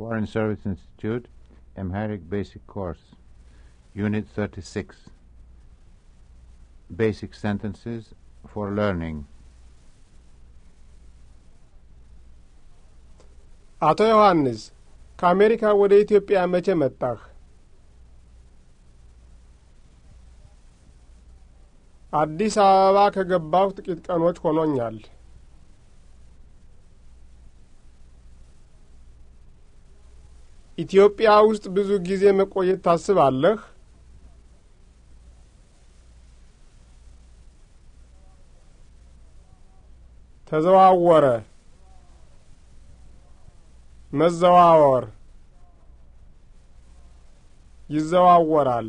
Foreign Service Institute, Amharic Basic Course, Unit 36 Basic Sentences for Learning. አቶ ዮሐንስ ከአሜሪካ ወደ ኢትዮጵያ መቼ መጣህ? አዲስ አበባ ከገባሁ ጥቂት ቀኖች ሆኖኛል። ኢትዮጵያ ውስጥ ብዙ ጊዜ መቆየት ታስባለህ? ተዘዋወረ፣ መዘዋወር፣ ይዘዋወራል።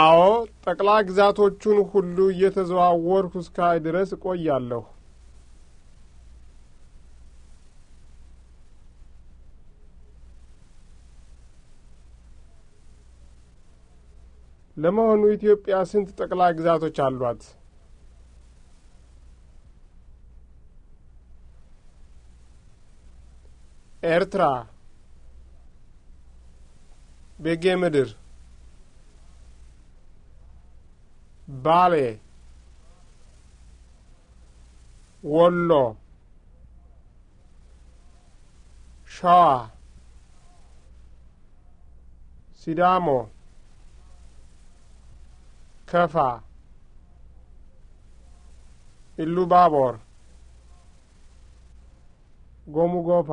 አዎ፣ ጠቅላይ ግዛቶቹን ሁሉ እየተዘዋወርሁ እስካይ ድረስ እቆያለሁ። ለመሆኑ ኢትዮጵያ ስንት ጠቅላይ ግዛቶች አሏት? ኤርትራ፣ ቤጌ ምድር፣ ባሌ፣ ወሎ፣ ሸዋ፣ ሲዳሞ ከፋ፣ ኢሉባቦር፣ ጎፋ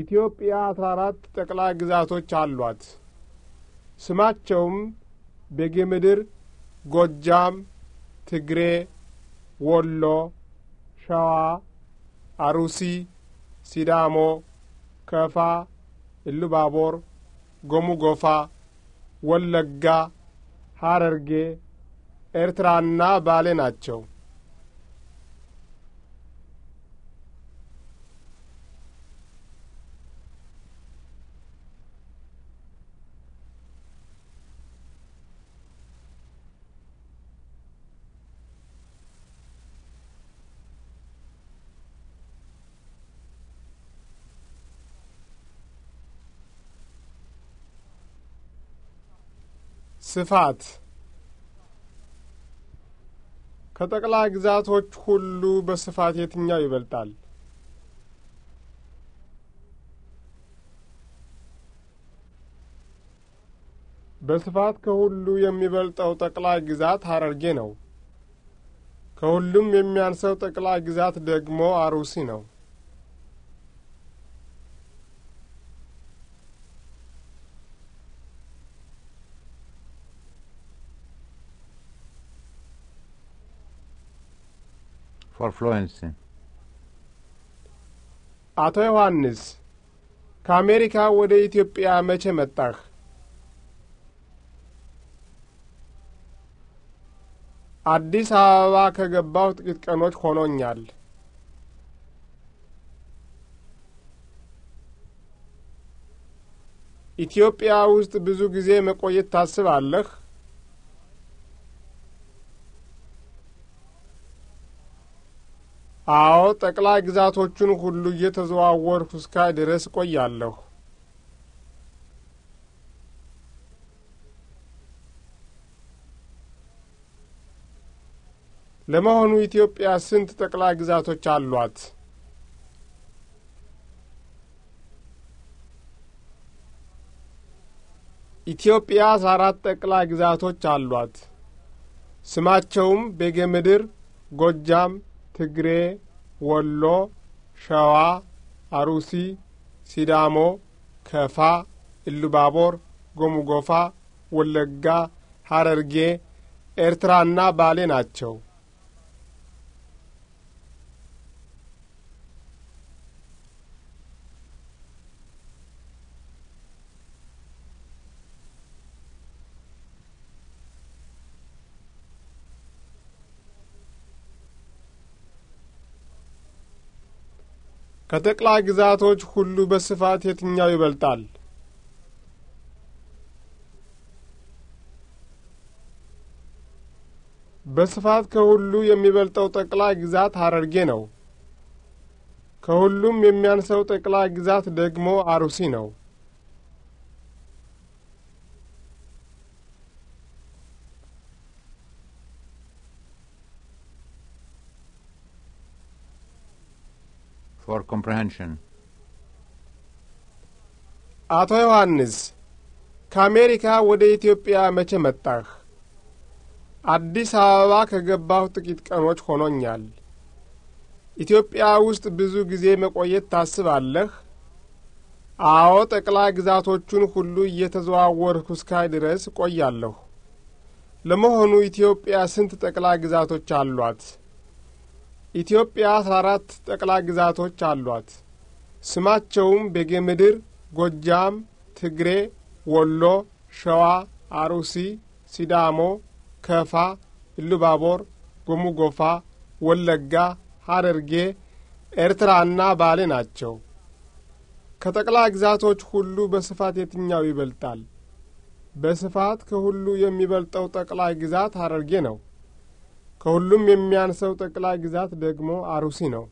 ኢትዮጵያ አስራ አራት ጠቅላይ ግዛቶች አሏት። ስማቸውም ቤጌ ምድር፣ ጎጃም፣ ትግሬ፣ ወሎ፣ ሸዋ፣ አሩሲ፣ ሲዳሞ፣ ከፋ፣ ባቦር። ጎሙ ጎፋ፣ ወለጋ፣ ሐረርጌ፣ ኤርትራና ባሌ ናቸው። ስፋት ከጠቅላይ ግዛቶች ሁሉ በስፋት የትኛው ይበልጣል? በስፋት ከሁሉ የሚበልጠው ጠቅላይ ግዛት ሐረርጌ ነው። ከሁሉም የሚያንሰው ጠቅላይ ግዛት ደግሞ አሩሲ ነው። for fluency አቶ ዮሐንስ ከአሜሪካ ወደ ኢትዮጵያ መቼ መጣህ? አዲስ አበባ ከገባሁ ጥቂት ቀኖች ሆኖኛል። ኢትዮጵያ ውስጥ ብዙ ጊዜ መቆየት ታስባለህ? አዎ ጠቅላይ ግዛቶቹን ሁሉ እየተዘዋወርኩ እስካይ ድረስ እቆያለሁ። ለመሆኑ ኢትዮጵያ ስንት ጠቅላይ ግዛቶች አሏት? ኢትዮጵያ አራት ጠቅላይ ግዛቶች አሏት። ስማቸውም ቤጌ ምድር፣ ጎጃም፣ ትግሬ ወሎ፣ ሸዋ፣ አሩሲ፣ ሲዳሞ፣ ከፋ፣ ኢሉባቦር፣ ጎሙጎፋ፣ ወለጋ፣ ሐረርጌ፣ ኤርትራና ባሌ ናቸው። ከጠቅላይ ግዛቶች ሁሉ በስፋት የትኛው ይበልጣል? በስፋት ከሁሉ የሚበልጠው ጠቅላይ ግዛት ሐረርጌ ነው። ከሁሉም የሚያንሰው ጠቅላይ ግዛት ደግሞ አሩሲ ነው። for comprehension. አቶ ዮሐንስ ከአሜሪካ ወደ ኢትዮጵያ መቼ መጣህ? አዲስ አበባ ከገባሁ ጥቂት ቀኖች ሆኖኛል። ኢትዮጵያ ውስጥ ብዙ ጊዜ መቆየት ታስባለህ? አዎ፣ ጠቅላይ ግዛቶቹን ሁሉ እየተዘዋወርኩ እስካይ ድረስ ቆያለሁ። ለመሆኑ ኢትዮጵያ ስንት ጠቅላይ ግዛቶች አሏት? ኢትዮጵያ አስራ አራት ጠቅላይ ግዛቶች አሏት። ስማቸውም ቤጌ ምድር፣ ጎጃም፣ ትግሬ፣ ወሎ፣ ሸዋ፣ አሩሲ፣ ሲዳሞ፣ ከፋ፣ ኢሉባቦር፣ ጎሙጎፋ፣ ወለጋ፣ ሐረርጌ፣ ኤርትራና ባሌ ናቸው። ከጠቅላይ ግዛቶች ሁሉ በስፋት የትኛው ይበልጣል? በስፋት ከሁሉ የሚበልጠው ጠቅላይ ግዛት ሐረርጌ ነው። ከሁሉም የሚያንሰው ጠቅላይ ግዛት ደግሞ አሩሲ ነው።